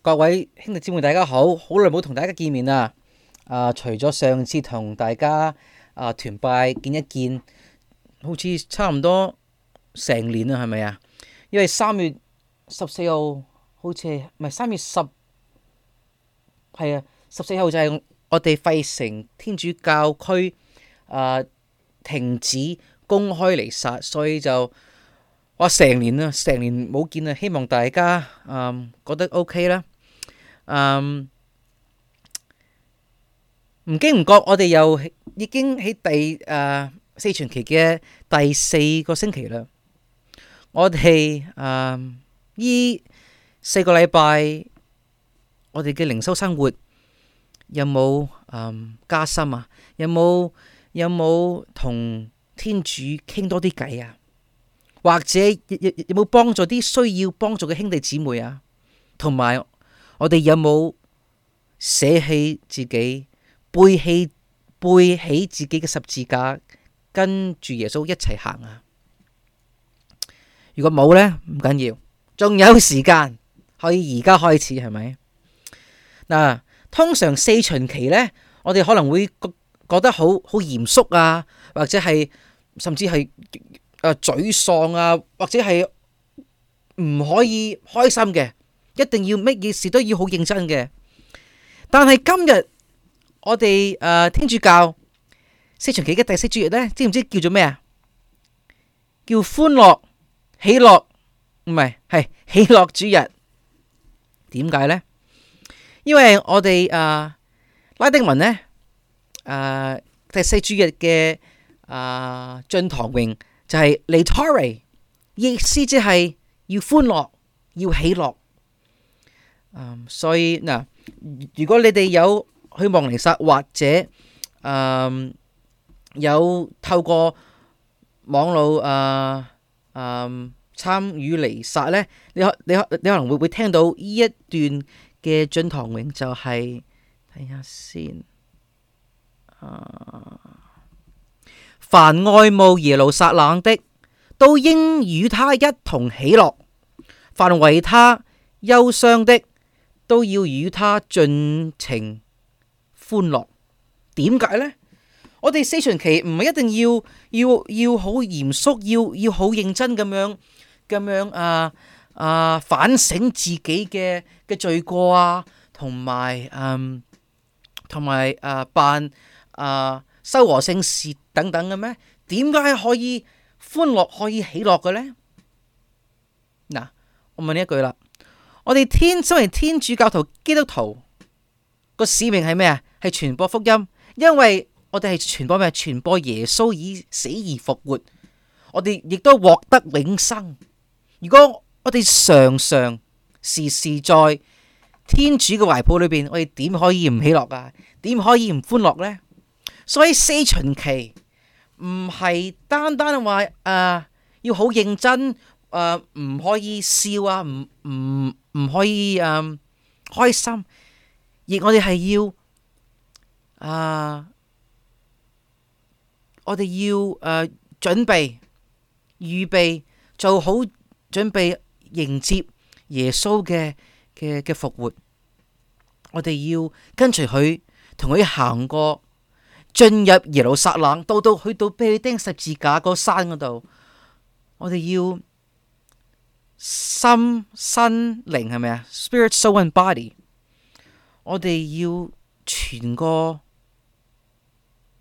各位兄弟姊妹，大家好，好耐冇同大家見面啦。啊，除咗上次同大家啊團拜見一見，好似差唔多成年啦，係咪啊？因為三月十四號好似唔係三月十係啊，十四號就係我哋費城天主教區啊停止公開彌撒，所以就。我成年啦，成年冇見啦，希望大家嗯覺得 OK 啦。嗯，唔、OK 嗯、經唔覺我，我哋又已經喺第誒、呃、四旬期嘅第四個星期啦。我哋嗯呢四個禮拜，我哋嘅靈修生活有冇嗯、呃、加深啊？有冇有冇同天主傾多啲偈啊？或者有冇幫助啲需要幫助嘅兄弟姊妹啊？同埋我哋有冇捨棄自己背起，背起自己嘅十字架，跟住耶穌一齊行啊？如果冇呢，唔緊要，仲有時間可以而家開始係咪？嗱，通常四旬期呢，我哋可能會覺覺得好好嚴肅啊，或者係甚至係。誒，沮喪啊，或者係唔可以開心嘅，一定要乜嘢事都要好認真嘅。但係今日我哋誒天主教四旬期嘅第四主日咧，知唔知叫做咩啊？叫歡樂喜樂，唔係係喜樂主日。點解咧？因為我哋誒拉丁文咧，誒第四主日嘅誒進堂詠。就係 Laetare 意思即係要歡樂，要喜樂。Um, 所以嗱，如果你哋有去望彌撒或者、嗯、有透過網絡啊啊參與彌撒咧，你可你可你可能會會聽到呢一段嘅進堂詠，就係、是、睇下先、啊凡愛慕耶路撒冷的，都應與他一同喜樂；凡為他憂傷的，都要與他盡情歡樂。點解呢？我哋四旬期唔係一定要要要好嚴肅，要要好認真咁樣咁樣啊啊反省自己嘅嘅罪過啊，同埋嗯同埋啊辦啊修和聖事。等等嘅咩？點解可以歡樂可以喜樂嘅呢？嗱，我問你一句啦，我哋天身為天主教徒基督徒個使命係咩啊？係傳播福音，因為我哋係傳播咩？傳播耶穌已死而復活，我哋亦都獲得永生。如果我哋常常時時在天主嘅懷抱裏邊，我哋點可以唔喜樂啊？點可以唔歡樂呢？所以四旬期。唔係單單話誒、uh, 要好認真誒，唔、uh, 可以笑啊，唔唔唔可以誒、uh, 開心，亦我哋係要誒，uh, 我哋要誒、uh, 準備、預備做好準備迎接耶穌嘅嘅嘅復活，我哋要跟隨佢，同佢行過。進入耶路撒冷，到到去到被釘十字架個山嗰度，我哋要心、身、靈係咪啊？Spirit, soul and body，我哋要全個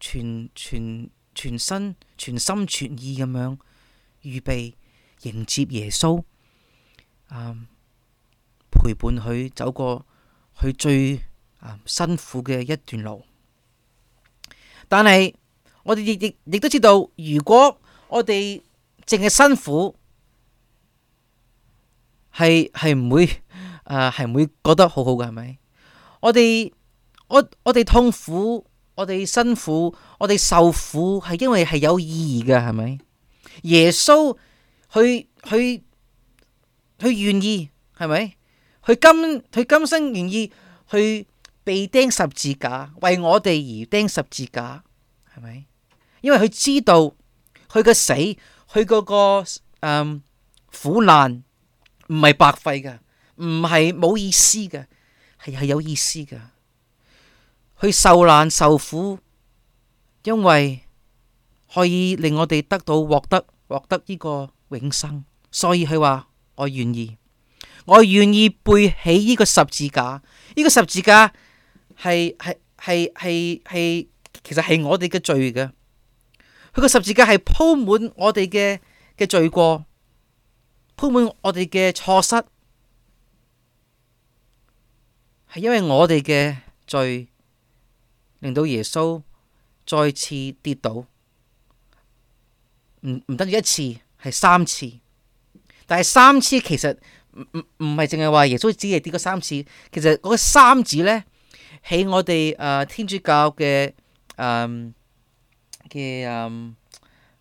全全全身、全心全意咁樣預備迎接耶穌，嗯，陪伴佢走過佢最啊辛苦嘅一段路。但係我哋亦亦亦都知道，如果我哋淨係辛苦，係係唔會誒係唔會覺得好好㗎係咪？我哋我我哋痛苦，我哋辛苦，我哋受苦係因為係有意義㗎係咪？耶穌去去去願意係咪？佢甘佢甘心願意去。被釘十字架，為我哋而釘十字架，係咪？因為佢知道佢個死，佢嗰個嗯苦難唔係白費嘅，唔係冇意思嘅，係係有意思嘅。佢受難受苦，因為可以令我哋得到獲得獲得呢個永生，所以佢話我願意，我願意背起呢個十字架，呢個十字架，係係係係係，其實係我哋嘅罪嘅。佢個十字架係鋪滿我哋嘅嘅罪過，鋪滿我哋嘅錯失，係因為我哋嘅罪，令到耶穌再次跌倒。唔唔等於一次，係三次，但係三次其實唔唔唔係淨係話耶穌只係跌過三次，其實嗰個三字咧。喺我哋啊天主教嘅啊嘅啊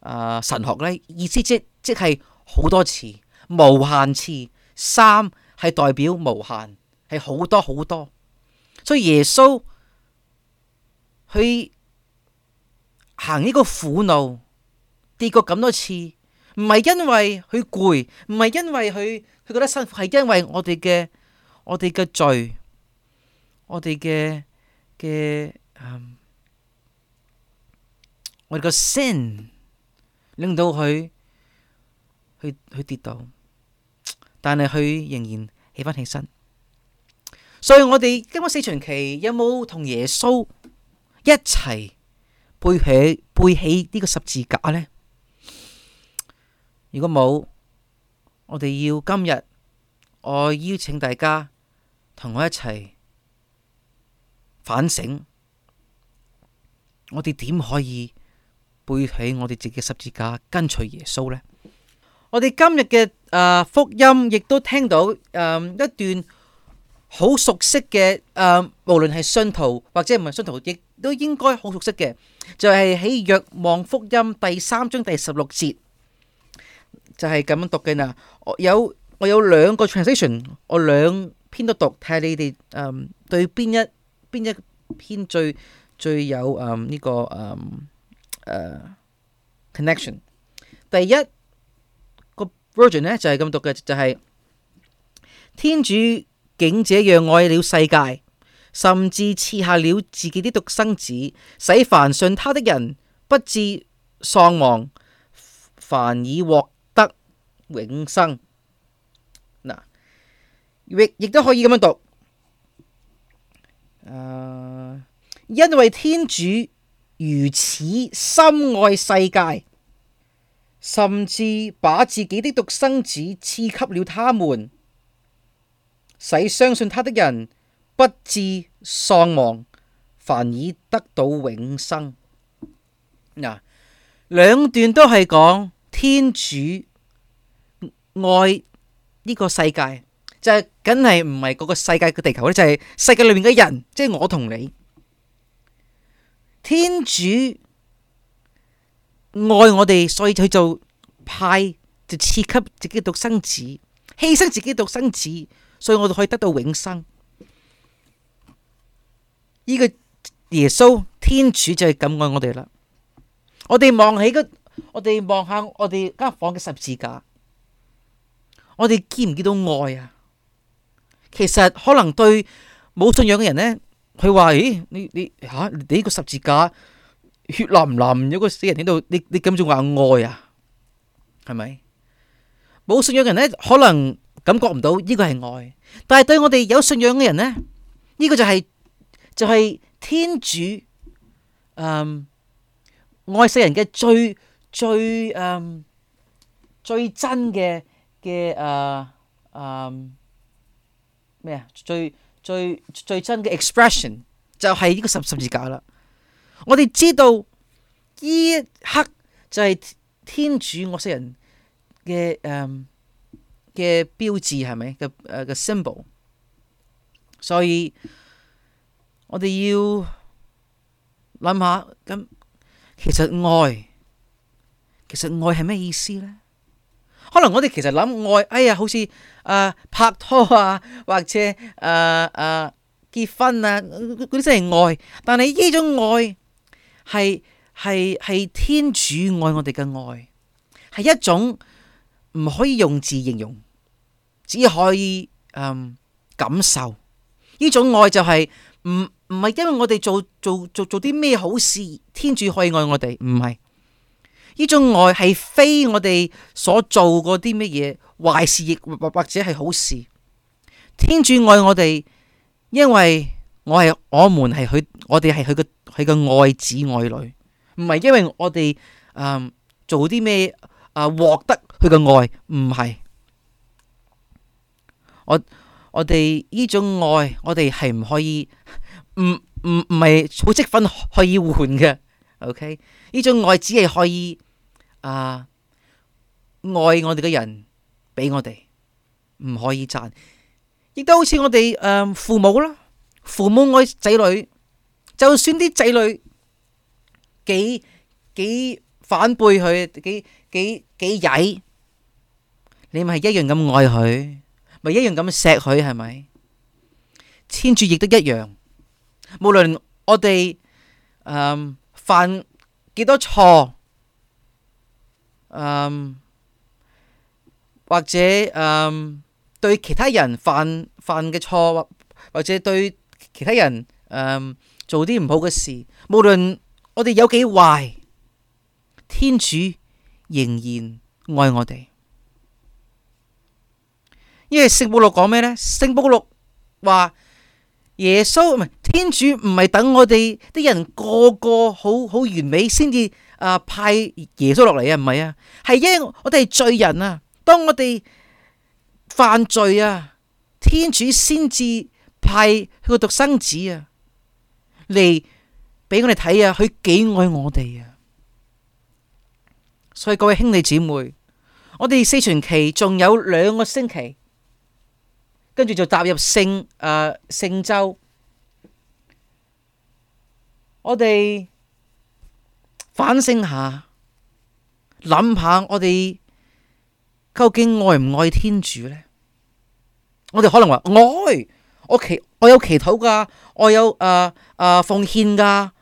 啊神學咧，意思即即係好多次，無限次。三係代表無限，係好多好多。所以耶穌去行呢個苦路，跌過咁多次，唔係因為佢攰，唔係因為佢佢覺得辛苦，係因為我哋嘅我哋嘅罪。我哋嘅嘅，嗯，我哋個 sin 令到佢，佢佢跌倒，但係佢仍然起翻起身。所以我哋今個四旬期有冇同耶穌一齊背起背起呢個十字架呢？如果冇，我哋要今日我邀請大家同我一齊。反省，我哋點可以背起我哋自己十字架，跟隨耶穌呢？我哋今日嘅誒福音亦都聽到誒一段好熟悉嘅誒，無論係信徒或者唔係信徒，亦都應該好熟悉嘅，就係喺《若望福音》第三章第十六節，就係咁樣讀嘅啦。我有我有兩個 translation，我兩篇都讀，睇下你哋誒對邊一。邊一篇最最有呢、嗯這個、嗯啊、connection？第一個 version 呢，就係咁讀嘅，就係天主竟這樣愛了世界，甚至賜下了自己啲獨生子，使凡信他的人不至喪亡，反而獲得永生。嗱，亦亦都可以咁樣讀。誒，uh, 因為天主如此深愛世界，甚至把自己的獨生子賜給了他們，使相信他的人不致喪亡，反而得到永生。嗱、啊，兩段都係講天主愛呢個世界。就梗係唔係嗰個世界嘅地球咧，就係世界裏面嘅人，即係我同你。天主愛我哋，所以佢做派就賜給自己嘅獨生子，犧牲自己嘅獨生子，所以我哋可以得到永生。呢個耶穌天主就係咁愛我哋啦。我哋望起個，我哋望下我哋間房嘅十字架，我哋見唔見到愛啊？其實可能對冇信仰嘅人呢，佢話：咦，你你吓，你呢個十字架血淋淋，有個死人喺度，你你咁仲話愛啊？係咪？冇信仰嘅人呢，可能感覺唔到呢個係愛，但係對我哋有信仰嘅人呢，呢個就係就係天主，嗯，愛世人嘅最最嗯最真嘅嘅誒誒。咩啊？最最最真嘅 expression 就係呢，這個十十字架啦。我哋知道呢一刻就係天主愛世人嘅誒嘅標誌係咪？嘅誒嘅、呃、symbol。所以我哋要諗下咁，其實愛其實愛係咩意思咧？可能我哋其實諗愛，哎呀，好似啊、呃、拍拖啊，或者啊啊、呃呃、結婚啊，嗰啲先係愛。但係呢種愛係係係天主愛我哋嘅愛，係一種唔可以用字形容，只可以、呃、感受。呢種愛就係唔唔係因為我哋做做做做啲咩好事，天主可以愛我哋，唔係。呢種愛係非我哋所做過啲乜嘢壞事亦或或者係好事，天主愛我哋，因為我係我們係佢，我哋係佢個佢個愛子愛女，唔係因為我哋嗯做啲咩啊獲得佢個愛，唔係。我我哋呢種愛我哋係唔可以，唔唔唔係好積分可以換嘅，OK 呢種愛只係可以。啊！愛我哋嘅人俾我哋唔可以賺，亦都好似我哋誒、呃、父母啦，父母愛仔女，就算啲仔女幾幾反背佢，幾幾幾曳，你咪係一樣咁愛佢，咪一樣咁錫佢係咪？天主亦都一樣，無論我哋、呃、犯幾多錯。嗯，um, 或者嗯，um, 對其他人犯犯嘅錯，或或者對其他人嗯、um, 做啲唔好嘅事，無論我哋有幾壞，天主仍然愛我哋。因為聖保祿講咩呢？聖保祿話耶穌唔係天主唔係等我哋啲人個個好好完美先至。啊，派耶穌落嚟，唔係啊，係因為我哋係罪人啊，當我哋犯罪啊，天主先至派佢個獨生子啊嚟，嚟俾我哋睇啊，佢幾愛我哋啊，所以各位兄弟姊妹，我哋四旬期仲有兩個星期，跟住就踏入聖，呃,聖周，我哋，反省下，諗下我哋究竟愛唔愛天主呢？我哋可能話愛，我祈我有祈禱噶，我有誒誒、呃呃、奉獻噶，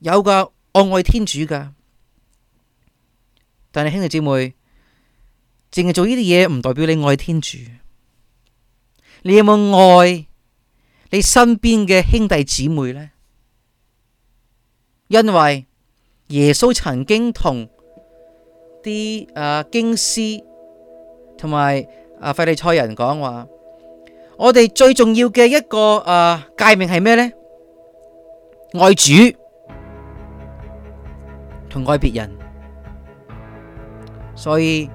有噶，我愛天主噶。但係兄弟姐妹，淨係做呢啲嘢唔代表你愛天主。你有冇愛你身邊嘅兄弟姊妹呢？因為，耶穌曾經同啲啊經師同埋啊腓力賽人講話，我哋最重要嘅一個啊誡命係咩呢？愛主同愛別人，所以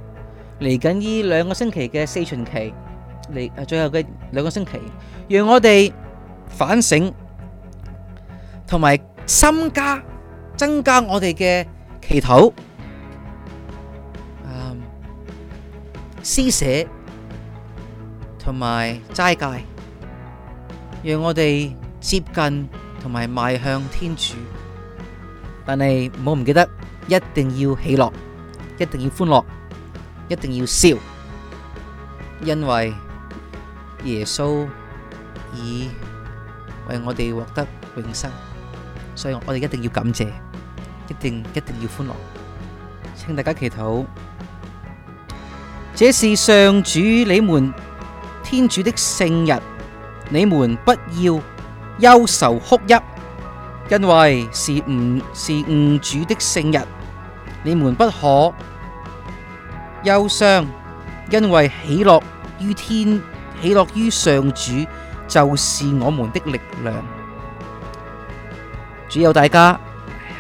嚟緊呢兩個星期嘅四旬期，嚟最後嘅兩個星期，讓我哋反省同埋深加。增加我哋嘅祈禱、施捨同埋齋戒，讓我哋接近同埋邁向天主。但係唔好唔記得，一定要喜樂，一定要歡樂，一定要笑，因為耶穌已為我哋獲得永生，所以我哋一定要感謝。一定一定要歡樂，請大家祈禱。這是上主你們天主的聖日，你們不要憂愁哭泣，因為是唔是吾主的聖日，你們不可憂傷，因為喜樂於天，喜樂於上主就是我們的力量。主佑大家。